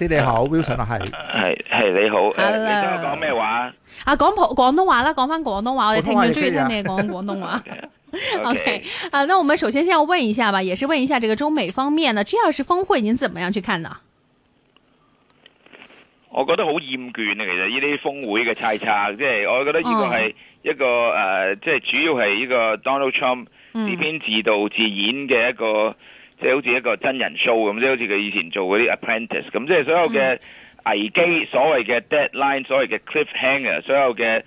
你哋好，Wilson 係係係你好，你今日講咩話啊？講普廣東話啦，講翻廣東話，話我哋聽眾最中意、啊、聽你講廣東話 okay.？OK，啊，那我們首先先要問一下吧，也是問一下這個中美方面呢，G 二十峰會您怎麼樣去看呢？我覺得好厭倦啊，其實呢啲峰會嘅猜測，即、就、係、是、我覺得呢個係一個誒，即係、嗯呃就是、主要係呢個 Donald Trump 呢邊自導自演嘅一個。即係好似一個真人 show 咁，即係好似佢以前做嗰啲 Apprentice 咁，即係所有嘅危機、所謂嘅 deadline、所謂嘅 cliffhanger、所有嘅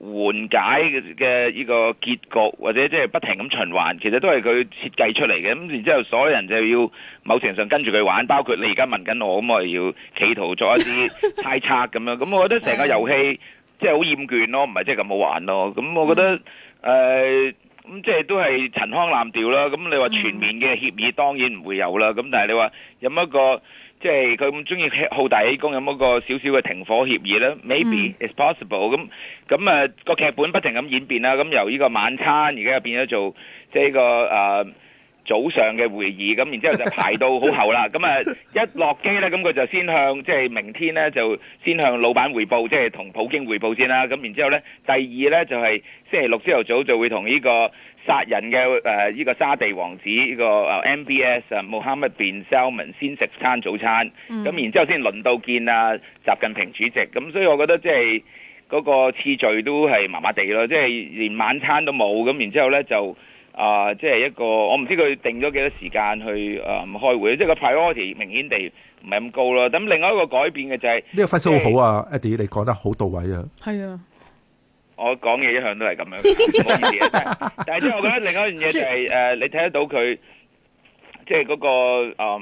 緩解嘅呢個結局，或者即係不停咁循環，其實都係佢設計出嚟嘅。咁然之後，所有人就要某程度上跟住佢玩，包括你而家問緊我，咁我要企圖做一啲猜測咁樣。咁 我覺得成個遊戲即係好厭倦咯，唔係即係咁好玩咯。咁我覺得誒。 呃咁即係都係陳腔亂調啦！咁你話全面嘅協議當然唔會有啦。咁、mm. 但係你話有乜個即係佢咁中意好大喜功，有乜個少少嘅停火協議咧？Maybe it's possible。咁咁、mm. 啊、那個劇本不停咁演變啦。咁由呢個晚餐而家又變咗做即係個誒、啊。早上嘅會議咁，然之後就排到好後啦。咁啊，一落機咧，咁佢就先向即係、就是、明天咧就先向老闆匯報即係同普京匯報先啦。咁然之後咧，第二咧就係、是、星期六朝頭早就會同呢個殺人嘅誒呢個沙地王子呢個 MBS 穆罕默德 Muhammad bin Salman 先食餐早餐。咁然之後先輪到見啊習近平主席。咁所以我覺得即係嗰個次序都係麻麻地咯，即、就、係、是、連晚餐都冇。咁然之後咧就。啊、呃，即係一個，我唔知佢定咗幾多時間去啊、呃、開會，即係個 priority 明顯地唔係咁高咯。咁另外一個改變嘅就係、是、呢個分數好啊、就是、，Eddie，你講得好到位啊。係是啊，我講嘢一向都係咁樣 但。但係即係我覺得另外一樣嘢就係、是、誒、 呃，你睇得到佢即係嗰、那個啊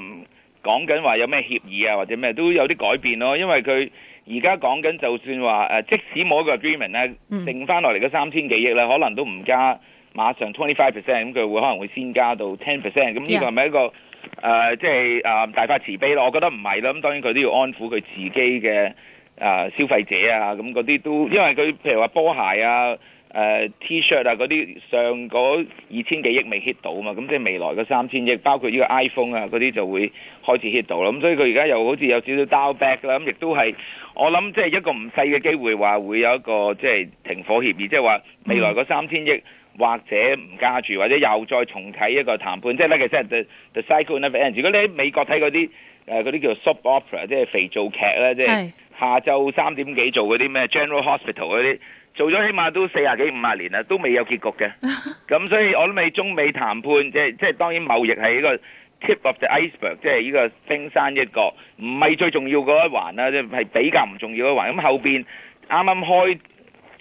講緊話有咩協議啊或者咩都有啲改變咯。因為佢而家講緊就算話誒、呃，即使冇一個 agreement 咧，剩翻落嚟嗰三千幾億咧，可能都唔加。馬上 twenty five percent 咁，佢會可能會先加到 ten percent 咁。呢個係咪一個誒，即係誒大發慈悲咯？我覺得唔係咯。咁當然佢都要安撫佢自己嘅誒消費者啊。咁嗰啲都因為佢譬如話波鞋啊、呃 T、誒 T-shirt 啊嗰啲，上嗰二千幾億未 hit 到嘛，咁即係未來嗰三千億，包括呢個 iPhone 啊嗰啲就會開始 hit 到啦。咁所以佢而家又好似有少少 down back 啦。咁亦都係我諗，即係一個唔細嘅機會話會有一個即係停火協議，即係話未來嗰三千億。或者唔加住，或者又再重啟一個談判，即係咧其實係 the the cycle of end。如果你喺美國睇嗰啲嗰啲叫 soap opera，即係肥皂劇啦，即係下晝三點幾做嗰啲咩 General Hospital 嗰啲，做咗起碼都四廿幾五十年啦，都未有結局嘅。咁 所以我諗你中美談判，即係即係當然貿易係一個 tip of the iceberg，即係呢個冰山一角，唔係最重要嗰一環啦，即係比較唔重要嗰一環。咁後面啱啱開。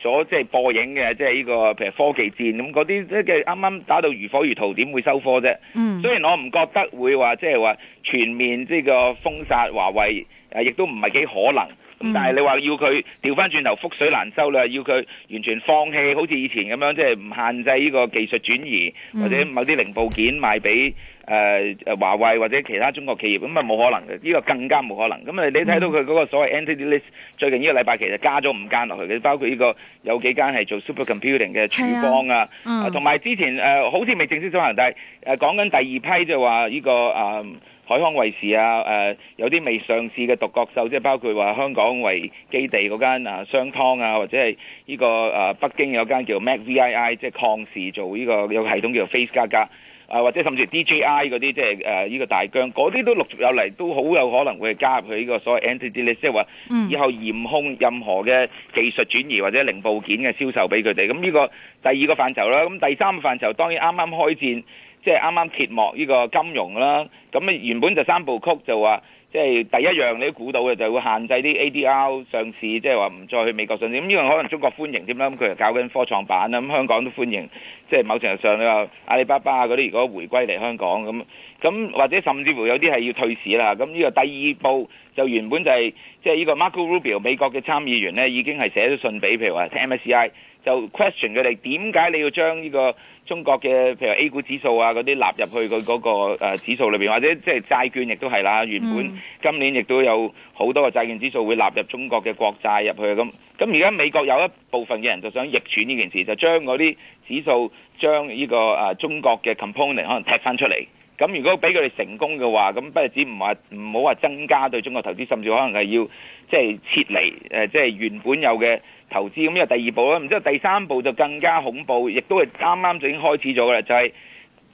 所即係播映嘅，即係呢、這個譬如科技戰咁嗰啲，即係啱啱打到如火如荼，點會收科啫？嗯，mm. 雖然我唔覺得會話，即係話全面即係個封殺華為，誒、啊、亦都唔係幾可能。咁、嗯、但係你話要佢調翻轉頭覆水難收啦，要佢完全放棄，好似以前咁樣，即係唔限制呢個技術轉移、嗯、或者某啲零部件賣俾誒誒華為或者其他中國企業，咁啊冇可能嘅，呢、呢個更加冇可能。咁啊，你睇到佢嗰個所謂 entity list 最近呢個禮拜其實加咗五間落去嘅，包括呢個有幾間係做 super computing 嘅曙光啊，同埋、啊嗯啊、之前誒、呃、好似未正式收緊，但係誒、呃、講緊第二批就話呢、呢個啊。呃海康威視啊，誒、呃、有啲未上市嘅獨角獸，即係包括話香港為基地嗰間啊商湯啊，或者係呢、這個、啊、北京有間叫 Mac V I I，即係曠視做呢、這個有個系統叫 Face 加加啊，或者甚至 D J I 嗰啲，即係誒、啊這個大疆嗰啲都陸續有嚟，都好有可能會加入佢呢個所謂 entity list 即係話以後嚴控任何嘅技術轉移或者零部件嘅銷售俾佢哋，咁呢個第二個範疇啦。咁第三個範疇當然啱啱開戰。即係啱啱揭幕呢個金融啦，咁原本就三部曲就話，即係第一樣你都估到嘅，就會限制啲 ADR 上市，即係話唔再去美國上市。咁因為可能中國歡迎添啦，咁佢又搞緊科創板啦，咁香港都歡迎。即係某程度上你話阿里巴巴嗰啲如果回歸嚟香港咁，咁或者甚至乎有啲係要退市啦。咁呢個第二步就原本就係即係呢個 Marco Rubio 美國嘅參議員呢已經係寫咗信俾譬如話 MSCI。就 question 佢哋點解你要將呢個中國嘅譬如 A 股指數啊嗰啲納入去佢嗰個誒指數裏面，或者即係債券亦都係啦。原本今年亦都有好多個債券指數會納入中國嘅國債入去咁。咁而家美國有一部分嘅人就想逆轉呢件事，就將嗰啲指數將呢個誒中國嘅 component 可能踢翻出嚟。咁如果俾佢哋成功嘅話，咁不只唔話唔好話增加對中國投資，甚至可能係要即係撤離誒即係原本有嘅。投資咁呢個第二步啦，然之後第三步就更加恐怖，亦都係啱啱就已經開始咗噶啦，就係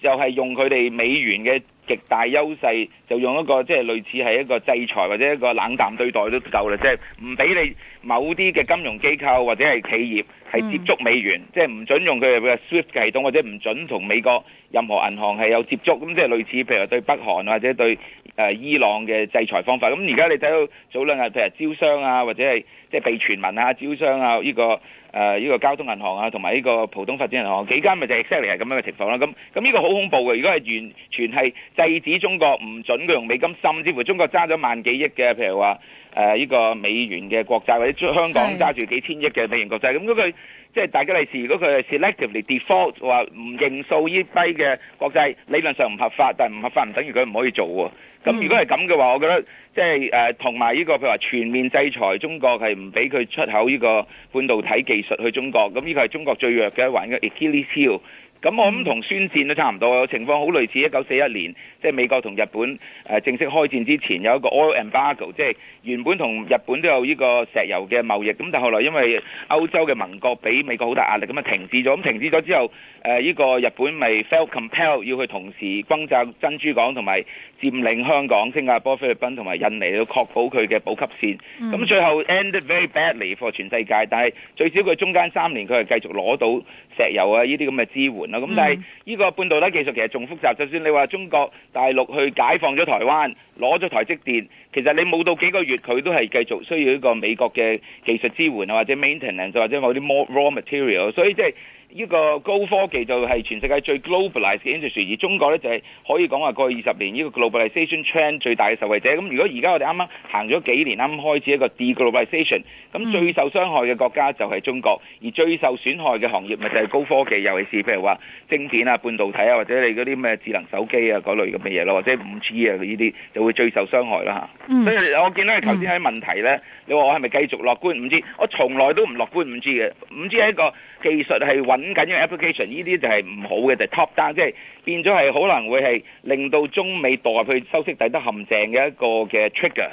就係用佢哋美元嘅極大優勢，就用一個即係類似係一個制裁或者一個冷淡對待都夠啦，即係唔俾你某啲嘅金融機構或者係企業係接觸美元，即係唔準用佢哋嘅 SWIFT 系統，或者唔準同美國任何銀行係有接觸，咁即係類似譬如對北韓或者對。誒伊朗嘅制裁方法，咁而家你睇到早兩日譬如招商啊，或者係即係被傳聞啊，招商啊呢、這個誒呢、呃這個交通銀行啊，同埋呢個普通發展銀行幾間咪就 exactly 係咁樣嘅情況啦。咁咁呢個好恐怖嘅，如果係完全係制止中國，唔準佢用美金，甚至乎中國揸咗萬幾億嘅，譬如話。誒呢、啊、個美元嘅國債或者香港揸住幾千億嘅美元國債咁佢即係大吉利是，如果佢係 selectively default 話唔認數呢批嘅國債理論上唔合法，但係唔合法唔等於佢唔可以做喎。咁如果係咁嘅話，我覺得即係誒同埋呢個譬如話全面制裁中國係唔俾佢出口呢個半導體技術去中國，咁呢個係中國最弱嘅一環嘅 equilibrium。咁我諗同宣戰都差唔多，情況好類似一九四一年，即係美國同日本誒正式開戰之前有一個 oil embargo，即係原本同日本都有呢個石油嘅貿易，咁但後來因為歐洲嘅盟國俾美國好大壓力，咁啊停止咗。咁停止咗之後，誒呢個日本咪 felt compelled 要佢同時轟炸珍珠港同埋佔領香港、新加坡、菲律賓同埋印尼，都確保佢嘅補給線。咁、嗯、最後 ended very badly for 全世界，但係最少佢中間三年佢係繼續攞到。石油啊，呢啲咁嘅支援啊，咁但係呢個半導體技術其實仲複雜，就算你話中國大陸去解放咗台灣，攞咗台積電，其實你冇到幾個月，佢都係繼續需要一個美國嘅技術支援啊，或者 maintenance，或者某啲 more raw material，所以即係。呢個高科技就係全世界最 globalized industry，而中國咧就係可以講話過去二十年呢個 globalization trend 最大嘅受惠者。咁如果而家我哋啱啱行咗幾年，啱啱開始一個 deglobalization，咁最受傷害嘅國家就係中國，嗯、而最受損害嘅行業咪就係高科技，尤其是譬如話晶片啊、半導體啊，或者你嗰啲咩智能手機啊嗰類咁嘅嘢咯，或者五 G 啊依啲就會最受傷害啦嚇、嗯、所以我見到你頭先喺問題咧，你話我係咪繼續樂觀五 G？我從來都唔樂觀五 G 嘅，五 G 係一個技術係揾。咁緊要 application 呢啲就係唔好嘅，就係 top down，即係變咗係可能會係令到中美墮入去修昔底德陷阱嘅一個嘅 trigger 嘅，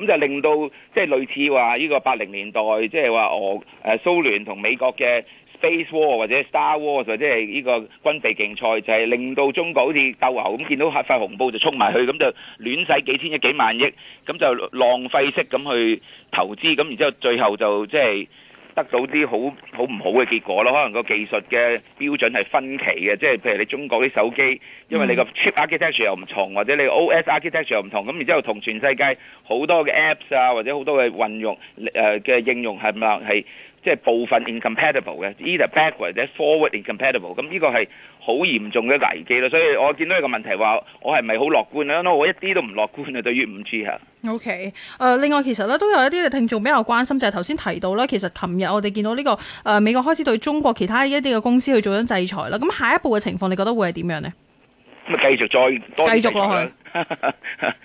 咁就令到即係類似話呢個八零年代即係話俄誒蘇聯同美國嘅 space war 或者 star wars 或者係呢個軍備競賽，就係令到中國好似鬥牛咁，見到核發紅布就衝埋去，咁就亂使幾千億幾萬億，咁就浪費式咁去投資，咁然之後最後就即係。得到啲好好唔好嘅結果咯，可能個技術嘅標準係分歧嘅，即係譬如你中國啲手機，因為你個 chip architecture 又唔同，或者你 OS architecture 又唔同，咁然之後同全世界好多嘅 apps 啊，或者好多嘅運用誒嘅、呃、應用係咪係？即係部分 incompatible 嘅，either backward 或者 forward incompatible。咁呢個係好嚴重嘅危機咯。所以我見到一個問題話，我係咪好樂觀咧？No, 我一啲都唔樂觀啊。對於五 G 嚇。OK。誒，另外其實咧都有一啲嘅聽眾比較關心，就係頭先提到啦，其實琴日我哋見到呢個誒、呃、美國開始對中國其他一啲嘅公司去做緊制裁啦。咁下一步嘅情況，你覺得會係點樣呢？咁啊，繼續再多繼續落去。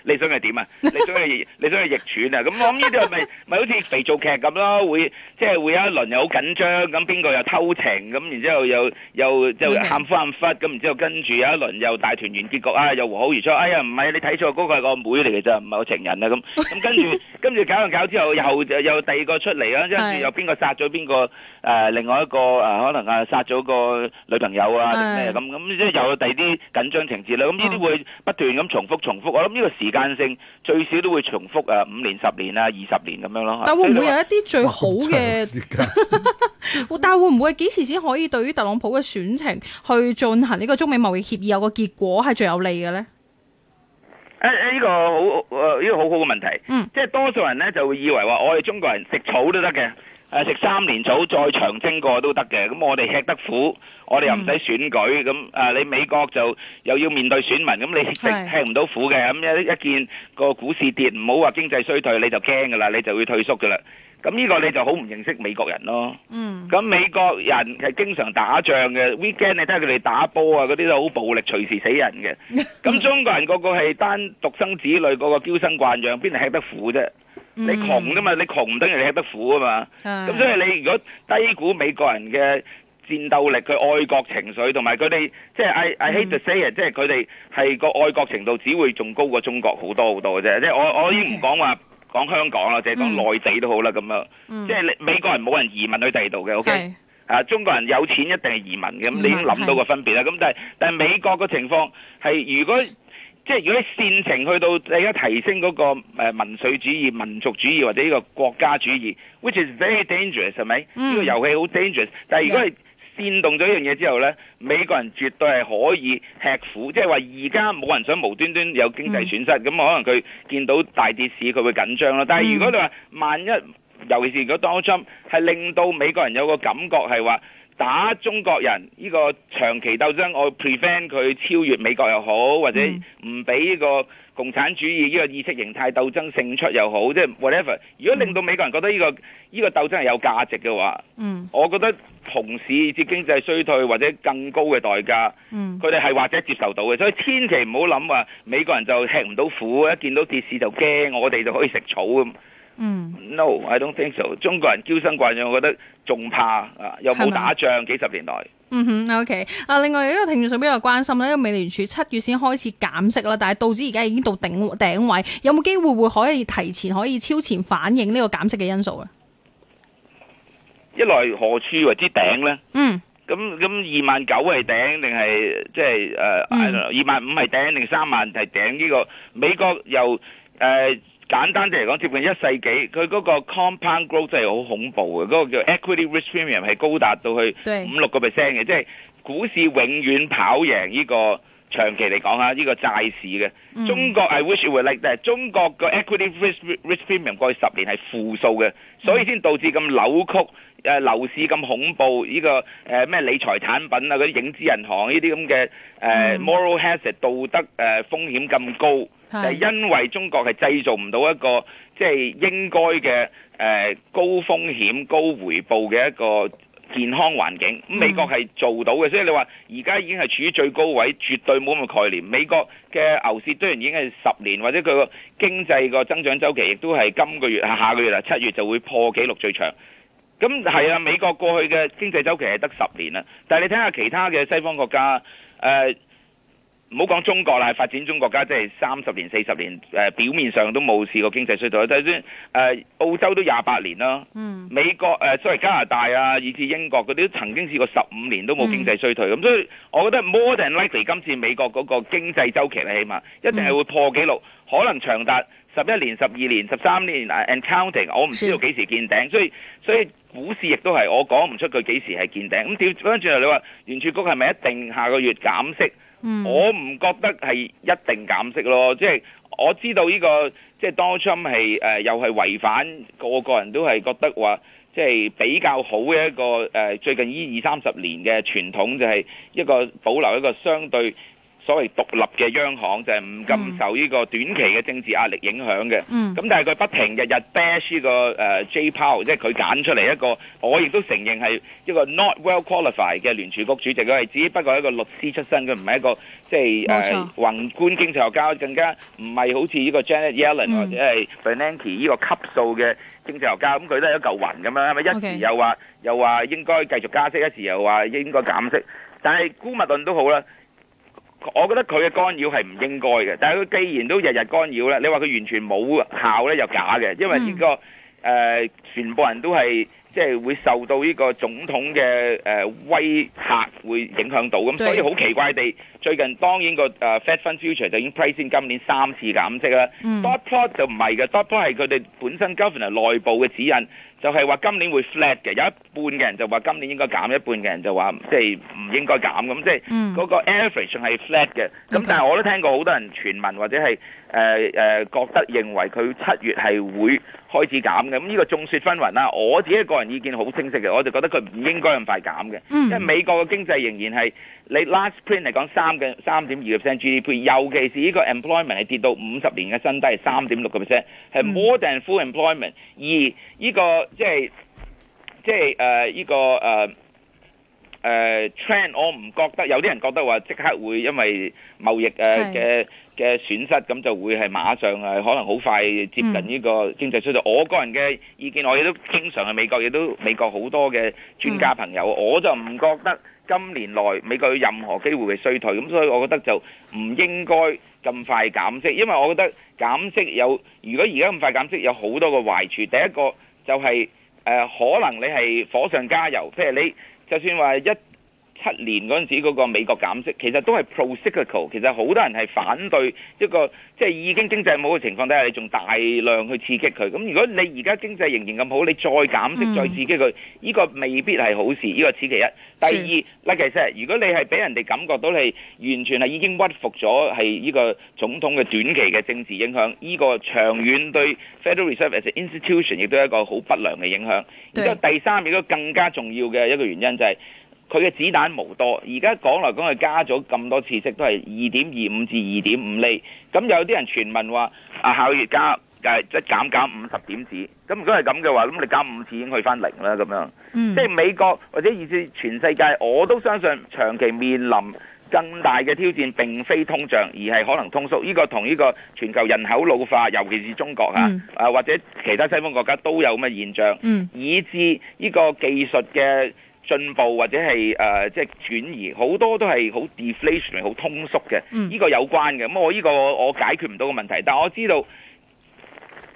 你想係點啊？你想係你想係逆轉啊？咁我諗呢啲咪咪好似肥皂劇咁咯，會即係會有一輪又好緊張，咁邊個又偷情，咁然之後又又就喊翻喊忽，咁然之後跟住有一輪又大團圓結局啊，又和好如初。哎呀，唔係你睇錯，嗰個係個妹嚟嘅咋，唔係個情人啊。咁咁跟住跟住搞下搞之後又又第二個出嚟啦，跟住又邊個殺咗邊個誒另外一個誒可能啊殺咗個女朋友啊定咩咁咁即係又有第二啲緊張情節啦。咁呢啲會不斷咁重複。重複，我諗呢個時間性最少都會重複誒五年、十年啊、二十年咁樣咯。但會唔會有一啲最好嘅？ 但會唔會幾時先可以對於特朗普嘅選情去進行呢個中美貿易協議有個結果係最有利嘅呢？誒呢個好呢個好好嘅問題，嗯，即係多數人呢就會以為話我哋中國人食草都得嘅。誒，食、啊、三年草再長征過都得嘅，咁我哋吃得苦，我哋又唔使選舉，咁誒、嗯啊、你美國就又要面對選民，咁你食食唔到苦嘅，咁一一見個股市跌，唔好話經濟衰退，你就驚噶啦，你就會退縮噶啦，咁呢個你就好唔認識美國人咯，咁、嗯、美國人係經常打仗嘅，weekend 你睇下佢哋打波啊，嗰啲都好暴力，隨時死人嘅，咁、嗯、中國人個個係單獨生子女個嬌生，個個嬌生慣養，邊度吃得苦啫？你窮㗎嘛？你窮唔等於你吃得苦啊嘛！咁、嗯、所以你如果低估美國人嘅戰鬥力、佢愛國情緒同埋佢哋，即係 I, I hate to say 啊、嗯，即係佢哋係個愛國程度只會仲高過中國好多好多嘅啫。即係我我已經唔講話講香港啦，即係講內地都好啦咁樣。嗯、即係美國人冇人移民去第二度嘅，OK、嗯、啊？中國人有錢一定係移民嘅，咁、嗯、你已經諗到個分別啦。咁、嗯、但係但係美國個情況係如果，即係如果你煽情去到你而家提升嗰個誒民粹主義、民族主義或者呢個國家主義，which is very dangerous 係咪？呢、嗯、個遊戲好 dangerous。但係如果係煽動咗一樣嘢之後咧，美國人絕對係可以吃苦。即係話而家冇人想無端端有經濟損失，咁、嗯、可能佢見到大跌市佢會緊張咯。但係如果你話萬一，尤其是如果當中係令到美國人有個感覺係話，打中國人呢個長期鬥爭，我 prevent 佢超越美國又好，或者唔俾呢個共產主義呢個意識形態鬥爭勝出又好，即係 whatever。如果令到美國人覺得呢個呢個鬥爭係有價值嘅話，嗯，我覺得同時接經濟衰退或者更高嘅代價，嗯，佢哋係或者接受到嘅，所以千祈唔好諗話，美國人就吃唔到苦，一見到跌市就驚，我哋就可以食草咁。嗯，no，I don't think so。中國人嬌生慣養，我覺得仲怕啊，又冇打仗嗎幾十年代。嗯哼，OK。啊，另外呢個停住上比較關心呢，因為美聯儲七月先開始減息啦，但係到底而家已經到頂頂位，有冇機會會可以提前可以超前反應呢個減息嘅因素啊？一來何處為之頂呢？嗯，咁咁二萬九係頂定係即係誒二萬五係頂定三萬係頂呢、這個美國又誒？呃簡單啲嚟講，接近一世紀，佢嗰個 compound growth 真係好恐怖嘅，嗰、那個叫 equity risk premium 係高達到去五六個 percent 嘅，對即係股市永遠跑贏呢、這個長期嚟講啊，呢、這個債市嘅。中國、嗯、I wish you would like，that,、嗯、中國個 equity risk, risk premium 過去十年係負數嘅，嗯、所以先導致咁扭曲誒、啊、樓市咁恐怖，呢、這個誒咩、啊、理財產品啊，嗰啲影子銀行呢啲咁嘅誒 moral hazard 道德誒、啊、風險咁高。就係因為中國係製造唔到一個即係應該嘅誒高風險、高回報嘅一個健康環境，美國係做到嘅，所以你話而家已經係處於最高位，絕對冇咁嘅概念。美國嘅牛市雖然已經係十年，或者佢個經濟個增長周期亦都係今個月下個月啦，七月就會破紀錄最長。咁係啊，美國過去嘅經濟周期係得十年啦，但係你睇下其他嘅西方國家誒。唔好講中國啦，發展中國家即係三十年、四十年、呃，表面上都冇試過經濟衰退。就算誒澳洲都廿八年啦，嗯、美國誒，雖、呃、然加拿大啊，以至英國嗰啲都曾經試過十五年都冇經濟衰退。咁、嗯、所以，我覺得 more than likely 今次美國嗰個經濟周期咧，起碼一定係會破紀錄，嗯、可能長達十一年、十二年、十三年。And counting 我唔知道幾時見頂，了所以所以股市亦都係我講唔出佢幾時係見頂咁。掉翻轉頭，你話聯儲局係咪一定下個月減息？嗯、我唔覺得係一定減息咯，即、就、係、是、我知道呢、這個即係 Donald Trump 係誒，又係違反個個人都係覺得話，即、就、係、是、比較好嘅一個誒、呃，最近呢二三十年嘅傳統就係一個保留一個相對。所謂獨立嘅央行就係唔咁受呢個短期嘅政治壓力影響嘅，咁、嗯、但係佢不停日日 bash 呢、呢個誒 Jay Powell 即係佢揀出嚟一個，我亦都承認係一個 not well qualified 嘅聯儲局主席，佢係只不過係一個律師出身，佢唔係一個即係誒宏觀經濟學家，更加唔係好似呢個 Janet Yellen、嗯、或者係 Bernanke 呢個級數嘅經濟學家，咁、嗯、佢都係一嚿雲咁樣，係咪？一時又話又話應該繼續加息，一時又話應該減息，但係姑勿論都好啦。我覺得佢嘅干擾係唔應該嘅，但佢既然都日日干擾咧，你話佢完全冇效咧又假嘅，因為呢、這個誒、嗯呃、全部人都係即係會受到呢個總統嘅、呃、威嚇會影響到咁，對所以好奇怪地、嗯、最近當然個、呃、Fed Fund Future 就已經 price 先今年三次減息啦，dot plot 就唔係嘅，dot plot 係佢哋本身 governor 內部嘅指引。就係話今年會 flat 嘅，有一半嘅人就話今年應該減，一半嘅人就話即係唔應該減咁，即係嗰個 average 係 flat 嘅。咁但係我都聽過好多人傳聞或者係誒誒覺得認為佢七月係會開始減嘅。咁呢個眾說紛紜啦。我自己個人意見好清晰嘅，我就覺得佢唔應該咁快減嘅，嗯、因為美國嘅經濟仍然係。你 last print 嚟講三嘅三點二 percent GDP，尤其是呢個 employment 係跌到五十年嘅新低，三點六個 percent，係 more than full employment。嗯、而呢、呢個即係即係誒呢個誒誒、呃呃、trend，我唔覺得有啲人覺得話即刻會因為貿易誒嘅嘅損失，咁就會係馬上誒可能好快接近呢個經濟衰退。嗯、我個人嘅意見，我亦都經常去美國，亦都美國好多嘅專家朋友，嗯、我就唔覺得。今年內美國有任何機會嘅衰退，咁所以我覺得就唔應該咁快減息，因為我覺得減息有，如果而家咁快減息有好多個壞處。第一個就係，是呃，可能你係火上加油，譬如你就算話一七年嗰陣時，嗰個美國減息，其實都係 pro-cyclical 其實好多人係反對一個即係、就是、已經經濟冇嘅情況底下，你仲大量去刺激佢。咁如果你而家經濟仍然咁好，你再減息再刺激佢，呢、嗯、個未必係好事。呢、這個此其一。第二，嗱其實如果你係俾人哋感覺到你完全係已經屈服咗，係呢個總統嘅短期嘅政治影響，呢、這個長遠對 Federal Reserve as an institution 亦都係一個好不良嘅影響。然之後第三，亦都更加重要嘅一個原因就係、是。佢嘅子彈無多，而家講來講去加咗咁多次息都係二點二五至二點五厘，咁有啲人傳聞話啊，下月加即係減減減五十點子，咁如果係咁嘅話，咁你減五次已經去翻零啦咁樣。嗯、即係美國或者以至全世界，我都相信長期面臨更大嘅挑戰，並非通脹，而係可能通縮呢、呢個同呢個全球人口老化，尤其是中國、嗯、啊或者其他西方國家都有咁嘅現象，嗯、以至呢個技術嘅。進步或者係誒即係轉移，好多都係好 deflation，好通縮嘅。呢、嗯、個有關嘅，咁我呢個我解決唔到嘅問題。但係我知道，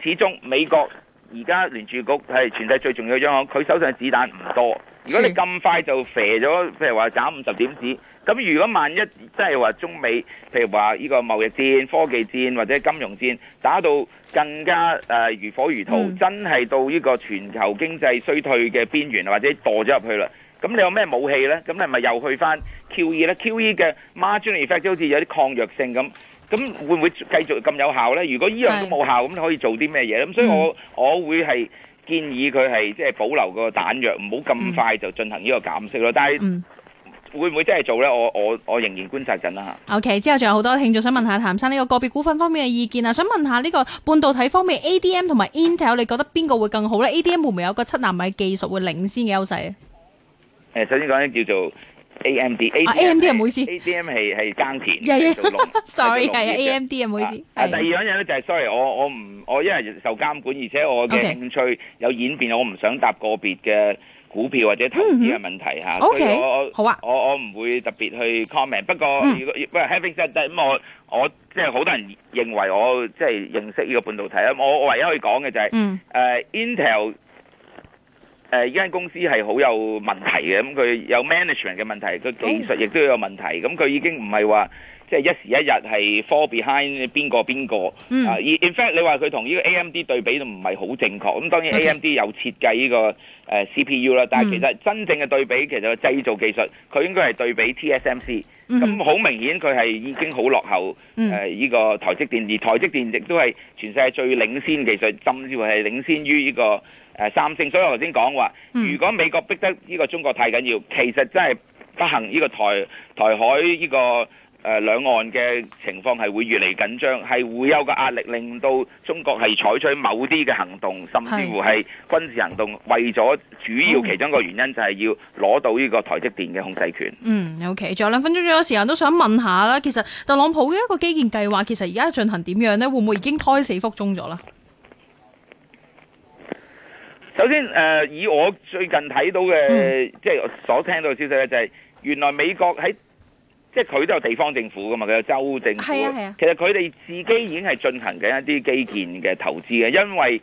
始終美國而家聯儲局係全世界最重要嘅央行，佢手上嘅子彈唔多。如果你咁快就射咗，譬如話斬五十點子，咁如果萬一即係話中美譬如話呢個貿易戰、科技戰或者金融戰打到更加、呃、如火如荼，嗯、真係到呢個全球經濟衰退嘅邊緣或者墮咗入去啦。咁你有咩武器咧？咁你係咪又去翻 QE 咧？QE 嘅 margin effect 好似有啲抗藥性咁，咁會唔會繼續咁有效咧？如果依樣都冇效，咁的可以做啲咩嘢咁？所以我、嗯、我會係建議佢係即係保留個彈藥，唔好咁快就進行呢個減息咯。嗯、但係會唔會真係做咧？我我我仍然觀察緊啦。OK，之後仲有好多聽眾想問下譚生呢個個別股份方面嘅意見啊。想問下呢個半導體方面，A D M 同埋 Intel，你覺得邊個會更好咧？A D M 會唔會有一個七納米技術會領先嘅優勢？誒，首先講咧叫做 AMD，AMD 唔好意思，AMD 係係耕田，sorry，係啊，AMD 啊，唔好意思。第二樣嘢咧就係，sorry，我我唔，我因為受監管，而且我嘅興趣有演變，我唔想答個別嘅股票或者投資嘅問題嚇，所以我我我唔會特別去 comment。不過如果不過，having said that，咁我我即係好多人認為我即係認識呢個半導體啊，我我唯一可以講嘅就係誒 Intel。誒依間公司係好有問題嘅，咁佢有 management 嘅問題，佢技術亦都有問題，咁佢、哎、呀已經唔係話即係一時一日係 fall behind 邊個邊個。啊，in、嗯、in fact 你話佢同呢個 AMD 對比都唔係好正確。咁當然 AMD 有設計呢個誒 CPU 啦，但係其實真正嘅對比其實係製造技術，佢應該係對比 TSMC、嗯哼。咁好明顯佢係已經好落後。嗯。誒依個台積電而台積電亦都係全世界最領先技術，甚至係領先於呢、這個。三勝，所以我頭先講話，如果美國逼得呢個中國太緊要，其實真係不行。呢個台台海呢個、呃、兩岸嘅情況係會越嚟緊張，係會有個壓力，令到中國係採取某啲嘅行動，甚至乎係軍事行動，為咗主要其中一個原因就係要攞到呢個台積電嘅控制權。嗯，okay，有其，仲有兩分鐘左右時間都想問一下啦。其實特朗普嘅一個基建計劃其實而家進行點樣咧？會唔會已經胎死腹中咗啦？首先，誒、呃、以我最近睇到嘅，即係、嗯、所聽到嘅消息咧，就係原來美國喺，即係佢都有地方政府噶嘛，佢有州政府，係啊、係啊、其實佢哋自己已經係進行緊一啲基建嘅投資嘅，因為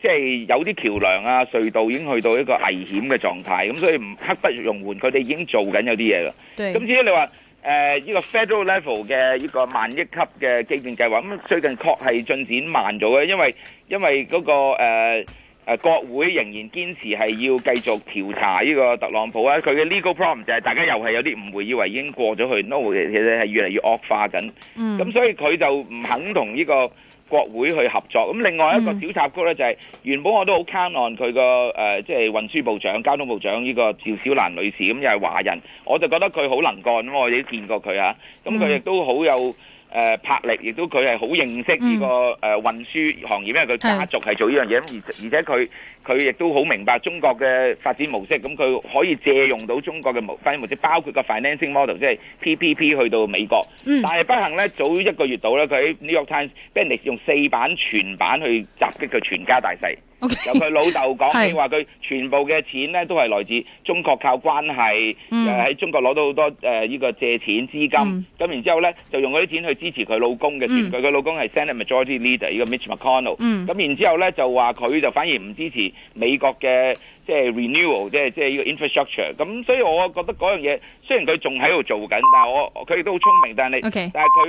即係有啲橋梁啊、隧道已經去到一個危險嘅狀態，咁所以唔刻不容緩佢哋已經做緊有啲嘢啦。咁對至於你話誒呢個 federal level 嘅呢個萬億級嘅基建計劃，咁最近確係進展慢咗嘅，因為因為嗰、那個、呃誒國會仍然堅持係要繼續調查呢個特朗普啊，佢嘅 legal problem 就係大家又係有啲誤會，以為已經過咗去，no，其實係越嚟越惡化緊。嗯，咁所以佢就唔肯同呢個國會去合作。咁另外一個小插曲咧、就係，就係、嗯、原本我都好 count on 佢個誒，即、呃、係、就係、運輸部長、交通部長呢個趙小蘭女士，咁又係華人，我就覺得佢好能幹。咁我哋都見過佢嚇，咁佢亦都好有。嗯誒、啊、魄力，亦都佢係好認識呢個誒運輸行業，嗯、因為佢家族係做呢樣嘢，而的而且佢佢亦都好明白中國嘅發展模式，咁佢可以借用到中國嘅模發展模式，包括個 financing model，即係 PPP 去到美國，嗯、但係不幸咧，早一個月到咧，佢喺 New York Times 俾人哋用四版全版去襲擊佢全家大細。Okay, 由佢老豆講起話，佢全部嘅錢咧都係來自中國靠關係，喺、嗯呃、中國攞到好多誒呢、呃這個借錢資金，咁、嗯、然之後咧就用嗰啲錢去支持佢老公嘅團隊，佢、嗯、老公係 Senate Majority Leader 個、嗯、呢個 Mitch McConnell，咁然之後咧就話佢就反而唔支持美國嘅即係 Renewal，即係即係呢個 Infrastructure，咁、嗯、所以我覺得嗰樣嘢雖然佢仲喺度做緊，但係我佢亦都好聰明，但係，Okay. 但係佢。